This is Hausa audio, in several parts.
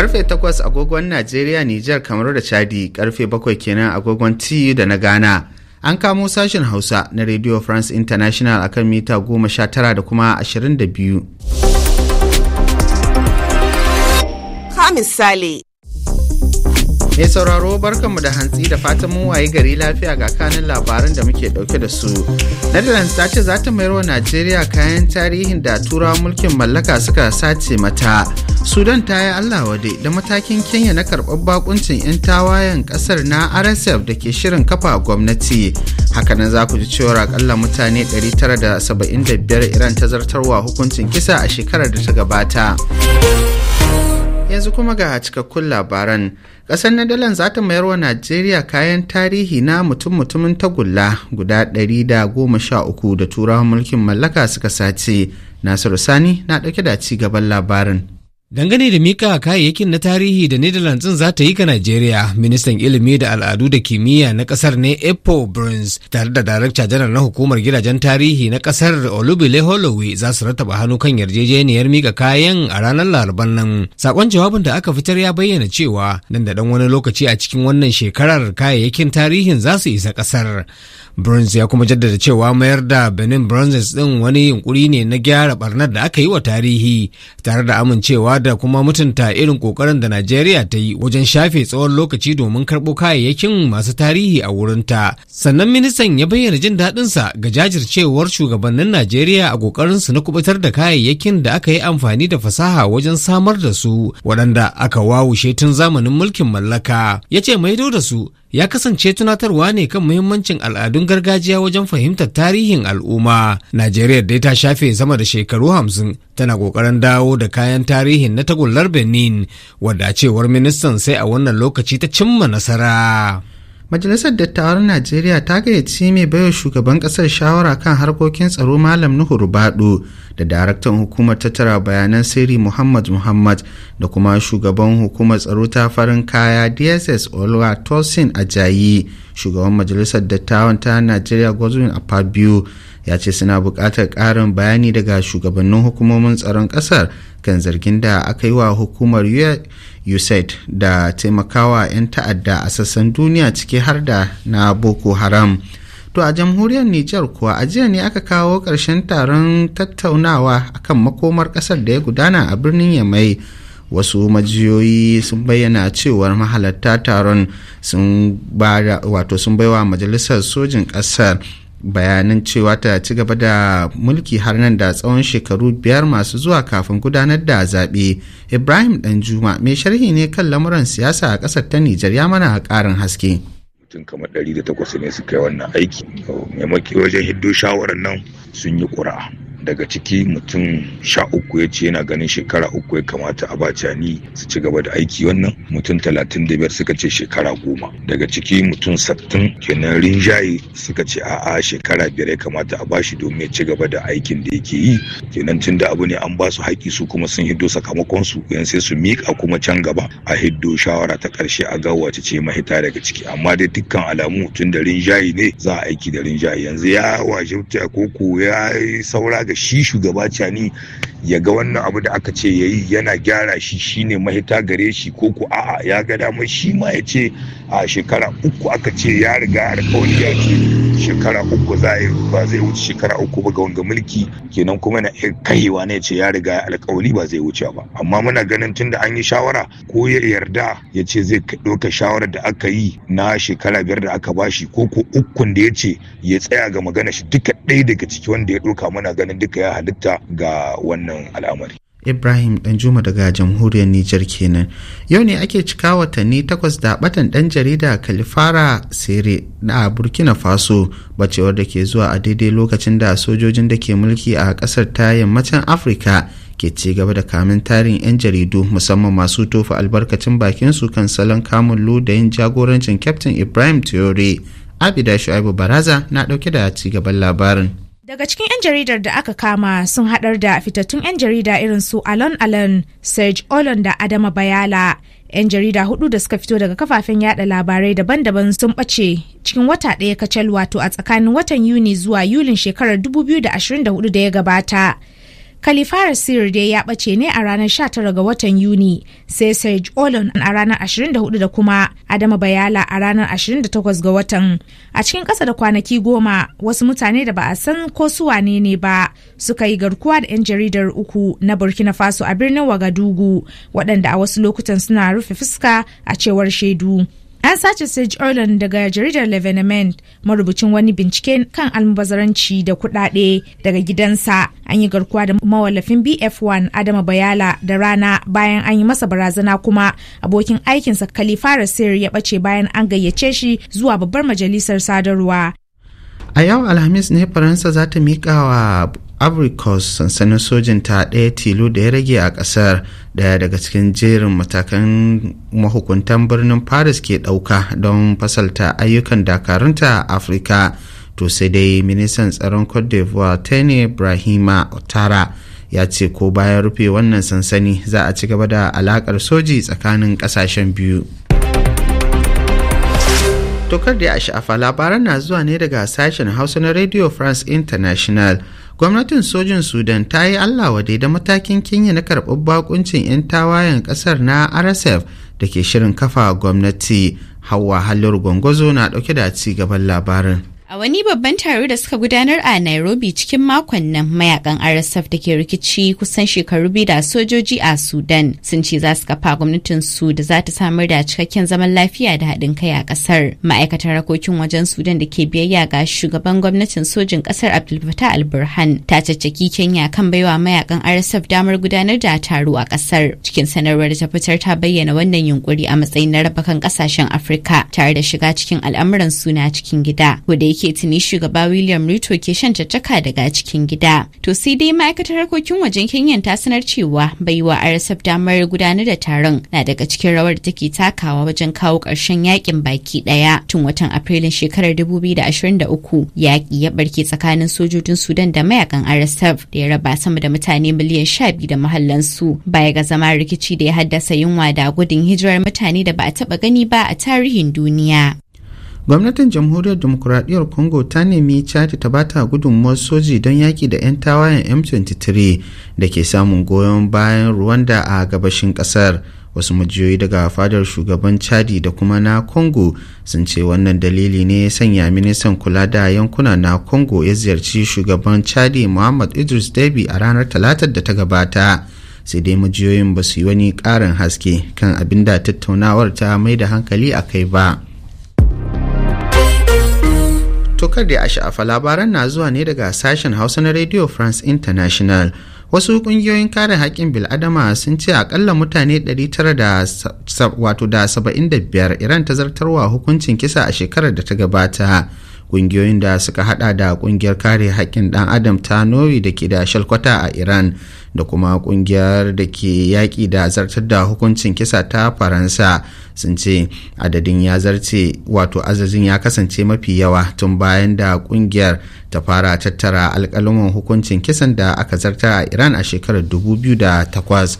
Karfe 8 agogon Najeriya, Nijar, kamar da Chadi, karfe 7 kenan agogon TU da na Ghana. An kamo sashen Hausa na Radio France International akan mita 19 da kuma 22. Ka misali. Mai sauraro barkanmu da hantsi da fatan mun waye gari lafiya ga kanin labaran da muke dauke da su. Netherlands ta ce za ta mayar wa Najeriya kayan tarihin da turawa mulkin mallaka suka sace mata. Sudan ta yi Allah wade da matakin Kenya na karɓar bakuncin 'yan tawayen ƙasar na RSF da ke shirin kafa gwamnati. Hakanan za ku ji cewar akalla mutane 975 Iran ta hukuncin kisa a shekarar da ta gabata. yanzu kuma ga cikakkun labaran ƙasar Nadalan za ta mayar wa Najeriya kayan tarihi na mutum-mutumin tagulla guda 113 da turawan mulkin mallaka suka sace. Nasiru Sani na ɗauke da ci gaban labarin. Dangane da mika kayayyakin na tarihi da Netherlands za ta yi ga Najeriya, ministan ilimi da al'adu da kimiyya na ƙasar ne Epo Burns tare da darakta janar na hukumar gidajen tarihi na kasar Olubile Holloway za su rattaba hannu kan yarjejeniyar mika kayan a ranar Laraban nan. Sakon jawabin da aka fitar ya bayyana cewa nan da dan wani lokaci a cikin wannan shekarar kayayyakin tarihin za su isa ƙasar. burns ya kuma jaddada cewa mayar da benin bronzes din wani yunkuri ne na gyara barnar da aka yi wa tarihi tare da amincewa da kuma mutunta irin kokarin da najeriya ta yi wajen shafe tsawon lokaci domin karɓo kayayyakin masu tarihi a wurinta sannan ministan ya bayyana jin daɗinsa ga jajircewar shugabannin najeriya a kokarin su na kubutar da kayayyakin da aka yi amfani da fasaha wajen samar da su waɗanda aka wawushe tun zamanin mulkin mallaka ya ce maido da su ya kasance tunatarwa ne kan muhimmancin al'adun gargajiya wajen fahimtar tarihin al'umma najeriya dai ta shafe sama da shekaru hamsin tana kokarin dawo da kayan tarihin na tagullar benin wadda cewar ministan sai a wannan lokaci ta cimma nasara Majalisar Dattawan Najeriya ta gayyaci mai baiwa shugaban ƙasar shawara kan harkokin tsaro Malam Nuhu rubadu da daraktan hukumar tattara bayanan sirri Muhammad Muhammad da kuma shugaban hukumar tsaro ta farin kaya DSS olwa Tosin Ajayi, shugaban Majalisar Dattawan ta Najeriya Godwin Biyu. ya ce suna buƙatar ƙarin bayani daga shugabannin hukumomin tsaron ƙasar kan zargin da aka yi wa hukumar usaid da taimakawa 'yan ta'adda a sassan duniya ciki har da na boko haram to a jamhuriyar nijar kuwa a jiya ne aka kawo ƙarshen taron tattaunawa akan makomar ƙasar da ya gudana a birnin yamai wasu majiyoyi sun bayyana cewar mahalarta taron sun baiwa majalisar sojin ƙasar bayanin cewa ta ci gaba da mulki har nan da tsawon shekaru biyar masu zuwa kafin gudanar da zaɓe ibrahim danjuma mai sharhi ne kan lamuran siyasa a ƙasar ta nijar ya mana ƙarin haske mutum kamar ɗari da takwas ne suka yi wannan aiki maimakon wajen hiddo shawarar nan sun yi ƙura daga ciki mutum sha uku ya ce yana ganin shekara uku ya kamata a ni su ci gaba da aiki wannan mutum talatin da biyar suka ce shekara goma daga ciki mutum sattin kenan rinjaye suka ce a'a shekara biyar ya kamata a bashi domin ya ci gaba da aikin da yake yi kenan tun da abu ne an ba su haƙƙi su kuma sun hiddo sakamakon su yan sai su miƙa kuma can gaba a hiddo shawara ta ƙarshe a ga wace ce mahita daga ciki amma dai dukkan alamu tun da rinjaye ne za a aiki da rinjaye yanzu ya wajibta ko ko ya saura daga shi shugaba cani ya ga wannan abu da aka ce ya yi yana gyara shi shine mahita gare shi ko ku a'a ya ga damar shi ma ya ce a shekara uku aka ce ya riga alkawari ya ce shekara uku za a yi ba zai wuce shekara uku ba ga wanga mulki kenan kuma na kaiwa ne ce ya riga ya alkawali ba zai wuce ba amma muna ganin tunda an yi shawara ko ya yarda ya ce zai ɗauka shawarar da aka yi na shekara biyar da aka bashi ko ko ukun da ya ce ya tsaya ga magana shi duka ɗaya daga ciki wanda ya ɗauka muna ganin duka ya halitta ga wannan al'amari. Ibrahim Danjuma daga jamhuriyar Nijar kenan. Yau ne ake cika watanni takwas da batan ɗan jarida Kalifara Sere na Burkina Faso bacewar da ke zuwa a daidai lokacin da sojojin da ke mulki a ƙasar ta yammacin Afirka ke ci gaba da kamin tarin 'yan jaridu musamman masu tofa albarkacin bakin su kan salon kamun ludayin jagorancin Captain Ibrahim Traore. Abida Shu'aibu Baraza na ɗauke da ci gaban labarin. Daga cikin 'yan jaridar da aka kama sun haɗar da fitattun 'yan jarida irin su Alon Alon, Serge Olon da Adama Bayala. 'Yan jarida hudu da suka fito daga kafafen yada labarai daban-daban sun ɓace cikin wata ɗaya kacal wato a tsakanin watan Yuni zuwa Yulin shekarar 2024 da ya gabata. Kalifar Sir dai ya bace ne a ranar 19 ga watan Yuni, sai Serge Olon a ranar 24 da kuma Adama Bayala a ranar 28 ga watan. A cikin ƙasa da kwanaki goma, wasu mutane da ba a san ko su wane ne ba suka yi garkuwa da 'yan jaridar uku na Burkina Faso a birnin Wagadugu, waɗanda a wasu lokutan suna rufe fuska a cewar shaidu. An sace Sage Orland daga jaridar Levenement marubucin wani bincike kan almubazaranci da kudade daga gidansa. An yi garkuwa da mawallafin BF1 Adama Bayala da rana bayan an yi masa barazana kuma abokin aikinsa Khalifa sir ya ɓace bayan an gayyace shi zuwa babbar majalisar sadarwa. A yau Alhamis ne Faransa za ta miƙa wa Abricos sansanin sojin ta ɗaya tilo da ya rage a ƙasar ɗaya daga cikin jerin matakan mahukuntan birnin Paris ke ɗauka don fasalta ayyukan dakarunta a Afirka. To sai dai ministan tsaron Cote d'Ivoire Tene ibrahima Otara ya ce ko bayan rufe wannan sansani za a ci gaba da alakar soji tsakanin ƙasashen biyu. Tokar da ya sha'afa labaran na zuwa ne daga sashen Hausa na Radio France International. gwamnatin sojin sudan ta yi allah wadai da matakin kenya na karɓar bakuncin 'yan tawayen ƙasar na rsf da ke shirin kafa gwamnati hawa halar gwangwazo na ɗauke da ci gaban labarin A wani babban taro da suka gudanar a Nairobi cikin makon nan mayakan RSF da ke rikici kusan shekaru biyu da sojoji a Sudan sun ce za su kafa gwamnatin su da za ta samar da cikakken zaman lafiya da haɗin kai a ƙasar. Ma'aikatar harkokin wajen Sudan da ke biyayya ga shugaban gwamnatin sojin ƙasar Abdul Fattah al-Burhan ta caccaki Kenya kan baiwa mayakan RSF damar gudanar da taro a ƙasar. Cikin sanarwar da ta fitar ta bayyana wannan yunkuri a matsayin na raba ƙasashen Afirka tare da shiga cikin al'amuran suna cikin gida. ke tuni shugaba William Ruto ke shan caccaka daga cikin gida. To sai dai ma'aikatar harkokin wajen kenya ta sanar cewa baiwa RSF damar gudanar da taron na daga cikin rawar da take takawa wajen kawo ƙarshen yakin baki ɗaya tun watan Afrilun shekarar 2023 yaƙi ya barke tsakanin sojojin Sudan da mayakan RSF da ya raba sama da mutane miliyan 12 da mahallansu baya ga zama rikici da ya haddasa yunwa da gudun hijirar mutane da ba a taɓa gani ba a tarihin duniya. gwamnatin jamhuriyar demokuraɗiyyar congo ta nemi chad ta bata gudunmuwar soji don yaƙi da 'yan tawayen m23 da ke samun goyon bayan rwanda a gabashin ƙasar wasu majiyoyi daga fadar shugaban chadi da kuma na congo sun ce wannan dalili ne sanya ministan kula da yankuna na congo ya ziyarci shugaban chadi muhammad idris debi a ranar talatar da ta gabata sai dai majiyoyin ba su yi wani ƙarin haske kan abin da tattaunawar ta mai da hankali a kai ba tokar da ya sha'afa labaran na zuwa ne daga sashen hausa na radio france international wasu kungiyoyin kare haƙƙin bil'adama sun ce akalla mutane 975 iran ta zartarwa hukuncin kisa a shekarar da ta gabata kungiyoyin da suka hada da kungiyar kare haƙƙin ɗan adam ta norway da ke da shalkwata a iran da kuma kungiyar da ke yaƙi da zartar da hukuncin kisa ta faransa sun ce adadin ya zarce wato azazin ya kasance mafi yawa tun bayan da kungiyar ta fara tattara alkalamin hukuncin kisan da aka zarta a iran a shekarar 2008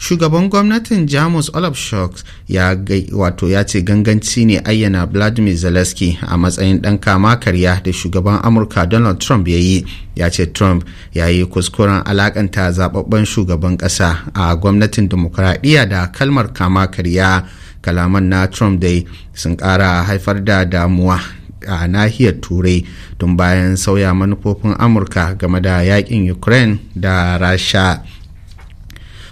shugaban gwamnatin jamus olaf shock ya wato ya ce ganganci ne ayyana vladimir zelensky a matsayin dan kama karya da shugaban amurka donald trump ya yi ya ce trump ya yi kuskuren alakanta zababben shugaban kasa a gwamnatin demokuraɗiyya da kalmar kama karya kalaman na trump dai sun kara haifar da damuwa a nahiyar turai tun bayan sauya manufofin amurka game da yakin ukraine da rasha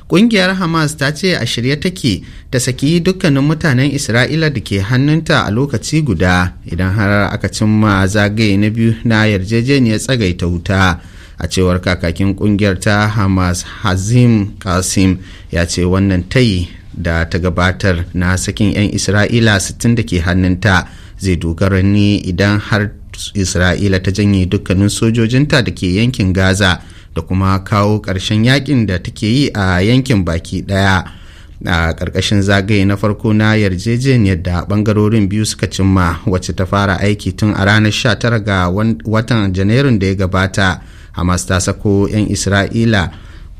Ƙungiyar Hamas ta ce a shirye take ta saki dukkanin mutanen Isra'ila da ke hannunta a lokaci guda idan har aka cimma zagaye na biyu na yarjejeniyar tsagaita wuta. a cewar kakakin ƙungiyar ta hamas hazim kasim ya ce wannan tayi da ta gabatar na sakin 'yan isra'ila 60 da ke hannunta zai dogara ne idan har isra'ila ta janye dukkanin sojojinta da ke yankin gaza da kuma kawo ƙarshen yakin da take yi a yankin baki ɗaya a ƙarƙashin zagaye na farko na yarjejeniyar da ɓangarorin biyu suka cimma wacce ta fara aiki tun a ranar 19 ga watan janairun da ya gabata hamas ta sako 'yan isra'ila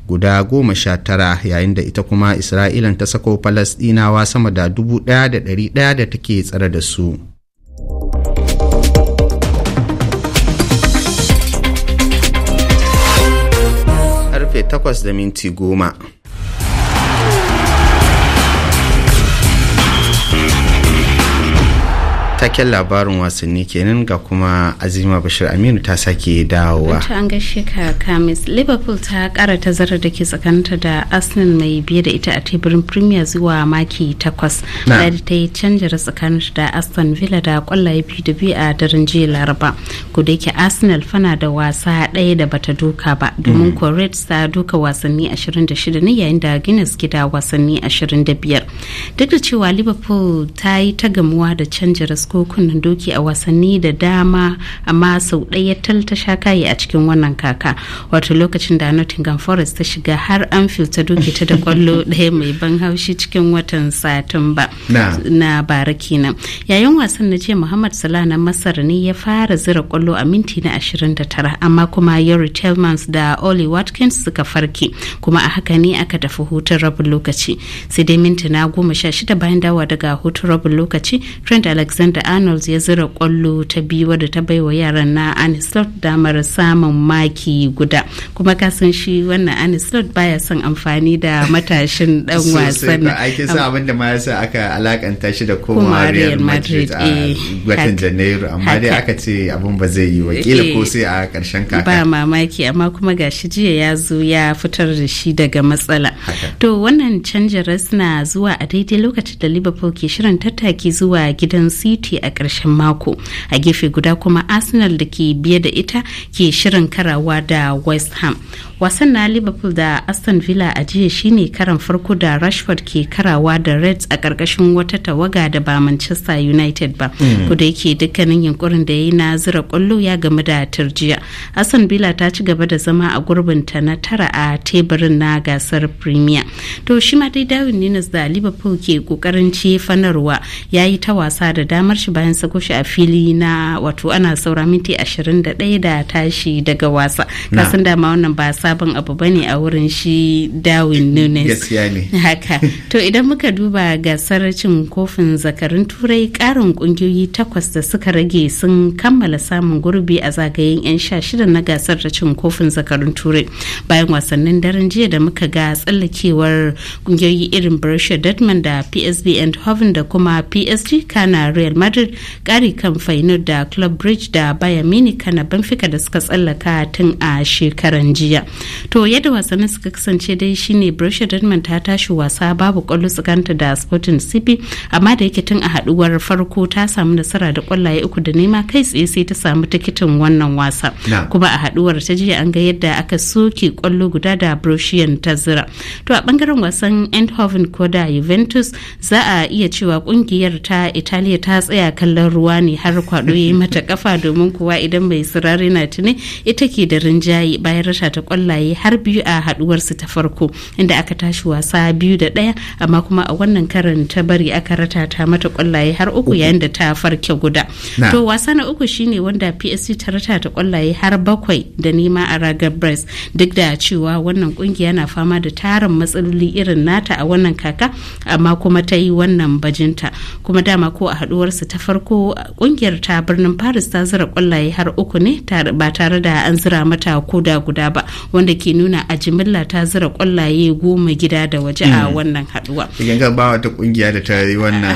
guda goma sha tara yayin da ita kuma isra'ilan ta sako falasɗinawa sama da dubu ɗaya da ɗari ɗaya da take tsare da su takwas da minti goma. cikakken labarin wasanni kenan ga kuma azima bashir aminu ta sake dawowa ta an gaishe ka kamis liverpool ta kara tazarar da ke tsakaninta da arsenal mai biye da ita a teburin premier zuwa maki takwas da ta yi canjar tsakaninta da aston villa da kwallaye biyu da biyu a daren jiya laraba ko da yake arsenal fana da wasa ɗaya da bata duka ba domin mm. ko reds ta duka wasanni 26 ne yayin da guinness gida wasanni 25 duk da cewa liverpool ta yi ta gamuwa da canja rasko kunnen doki a wasanni da dama amma sau ɗaya tal ta sha kayi a cikin wannan kaka wato lokacin da nottingham forest ta shiga har anfield ta doki ta da kwallo ɗaya mai ban haushi cikin watan satumba na bara kenan yayin wasan na ce muhammad salah na masar ne ya fara zira kwallo a minti na 29 amma kuma yuri telmans da oli watkins suka farke kuma a haka ne aka tafi hutun rabin lokaci sai dai na goma sha shida bayan dawa daga hutu rabin lokaci trent alexander arnold ya zira kwallo ta biyu wadda ta baiwa yaran na anislot damar samun maki guda kuma ka san shi wannan anislot baya son amfani da matashin dan wasan na ake sa abin da ma yasa aka alakanta shi da koma real madrid a eh, watan janairu amma dai aka ce abin ba zai yi wakila eh, ko eh, sai a karshen kaka ba mamaki amma kuma gashi jiya ya zo ya fitar da shi daga matsala to wannan canjin rasna zuwa a daidai lokacin da liverpool ke shirin tattaki zuwa gidan city a ƙarshen mako a gefe guda kuma arsenal da ke biye da ita ke shirin karawa da west ham wasan na liverpool da aston villa a jiya shine karan farko da rashford ke karawa da reds a ƙarƙashin wata tawaga da ba manchester united ba hmm. da yake dukkanin yunkurin da ya yi na zira kwallo ya gamu da turjiya aston villa ta ci gaba da zama a gurbin ta na tara a teburin na gasar premier to shi ma dai dawin ne da liverpool ke kokarin cefanarwa ya yi ta wasa da damar shi bayan sako shi a fili na wato ana saura minti 21 da tashi daga wasa kasan dama wannan ba sabon abu bane a wurin shi darwin nunes haka to idan muka duba gasar cin kofin zakarin turai karin kungiyoyi takwas da suka rage sun kammala samun gurbi a zagayen 'yan sha shida na gasar da cin kofin zakarin turai bayan wasannin daren jiya da muka ga tsallakewar kungiyoyi irin borussia dortmund da psv eindhoven da kuma psg kana real madrid kari kan fainar da club bridge da bayern munich kana benfica da suka tsallaka tun a shekaran jiya to yadda wasannin suka kasance dai shine borussia dortmund ta tashi wasa babu ƙwallo tsakanta da sporting cp amma da yake tun a haduwar farko ta samu nasara da kwallaye uku da nema kai tsaye sai ta samu tikitin wannan wasa kuma a haduwar ta jiya an ga yadda aka soke kwallo guda da borussia ta zira to a bangaren wasan eindhoven ko da juventus Paris za a iya cewa kungiyar ta Italiya ta tsaya kallon ruwa ne har kwado ya yi mata kafa domin kuwa idan mai sirari na tuni ita ke da rinjaye bayan rasha ta kwallaye har biyu a su ta farko inda aka tashi wasa biyu da ɗaya amma kuma a wannan karin ta bari aka rata ta mata kwallaye har uku yayin da ta farke guda. To wasa na uku shine wanda PSC ta rata ta kwallaye har bakwai da nema a ragar Brest duk da cewa wannan kungiya na fama da tarin matsaloli irin nata a wannan kaka amma amma kuma ta yi wannan bajinta kuma dama ko a su ta farko kungiyar ta birnin paris ta zira kwallaye har uku ne ba tare da an zira mata da guda ba wanda ke nuna a jimilla ta zira kwallaye goma gida da waje a mm. wannan haduwa idan ba wata kungiya da ta yi wannan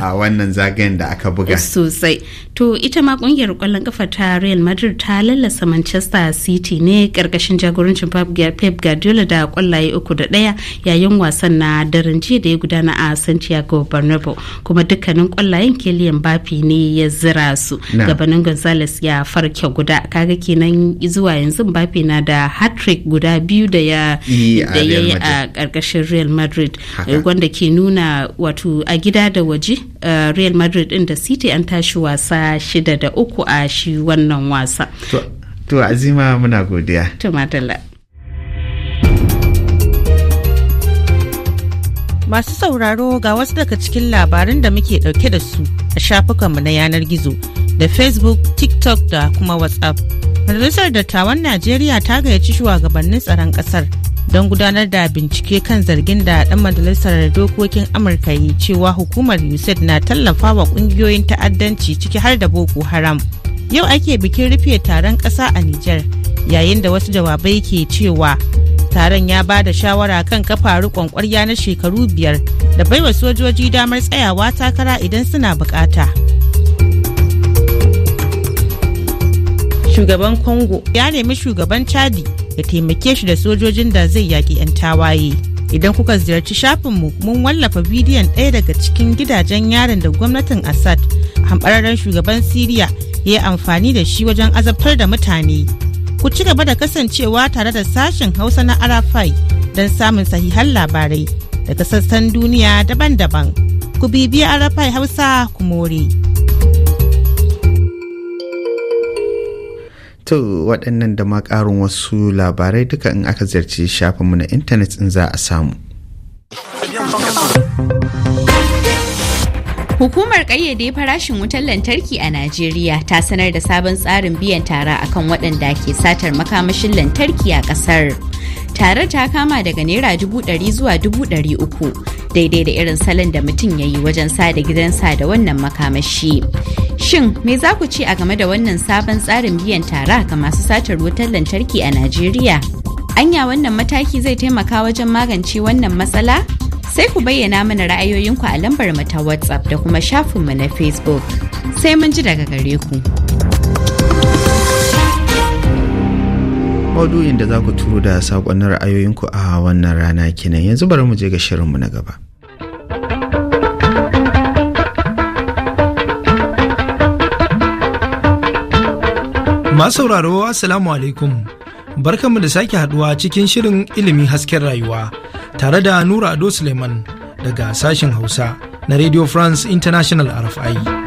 a wannan zagayen da aka buga sosai to ita ma kungiyar kwallon kafa ta real madrid ta lallasa manchester city ne karkashin jagorancin pep guardiola da kwallaye uku da daya yayin wasan na daren jiya da ya gudana kana a santiago bernabeu kuma dukkanin kwallayen Kylian bafi ne ya zira su gabanin gonzales ya farke guda kaga kenan zuwa yanzu bafi na da hat-trick guda biyu da ya yi a karkashin real madrid eh, wanda ke nuna wato a gida da waje eh, real madrid din da city an tashi wasa shida da uku a shi wannan wasa to azima muna godiya to madalla Masu sauraro ga wasu daga cikin labarin da muke ɗauke da su a shafukanmu na yanar gizo da Facebook, TikTok da kuma WhatsApp. Majalisar Dattawan Najeriya ta gayyaci shugabannin tsaron ƙasar don gudanar da bincike kan zargin da ɗan majalisar dokokin Amurka yi cewa hukumar USAID na tallafa wa ƙungiyoyin ta'addanci ciki har da Boko Haram. Yau ake bikin rufe taron ƙasa a Nijar yayin da wasu jawabai ke cewa taron ya ba da shawara kan kafa rikon kwarya na shekaru biyar da baiwa sojoji damar tsayawa takara idan suna bukata. Shugaban Congo ya nemi shugaban Chadi ya taimake shi da sojojin da zai yaƙi 'yan tawaye. Idan kuka ziyarci shafinmu mun wallafa bidiyon ɗaya daga cikin gidajen yarin da gwamnatin Assad hambararren shugaban Siriya ya yi amfani da shi wajen azabtar da mutane. Ku ci gaba da kasancewa tare da sashen Hausa na Arafai don samun sahihan labarai daga sassan duniya daban-daban. Ku bibiya Arafai Hausa ku more. To waɗannan da ma ƙarin wasu labarai duka in aka ziyarci shafinmu na intanet in za a samu. Hukumar ƙayyade farashin wutar lantarki a Najeriya ta sanar da sabon tsarin biyan tara akan waɗanda ke satar makamashin lantarki a ƙasar. Tare ta kama daga Naira dubu ɗari zuwa dubu ɗari uku, daidai da irin salon da mutum ya yi wajen sada gidansa da wannan makamashi. Shin, me za ku ce a game da wannan sabon tsarin biyan tara ga masu satar wutar lantarki a Najeriya? Anya wannan mataki zai taimaka wajen magance wannan matsala? sai ku bayyana mana ra'ayoyinku a lambar mata ta WhatsApp da kuma shafinmu na Facebook. Sai mun ji daga gare ku. Maudu'in da za ku turo da saƙonnin ra'ayoyinku a wannan rana kenan yanzu bari mu je ga shirinmu na gaba. Masauraro sauraro, Assalamu alaikum. Barkanmu da sake haduwa cikin shirin ilimin hasken rayuwa. tare da Nura Ado Suleiman daga sashen Hausa na Radio France International RFI.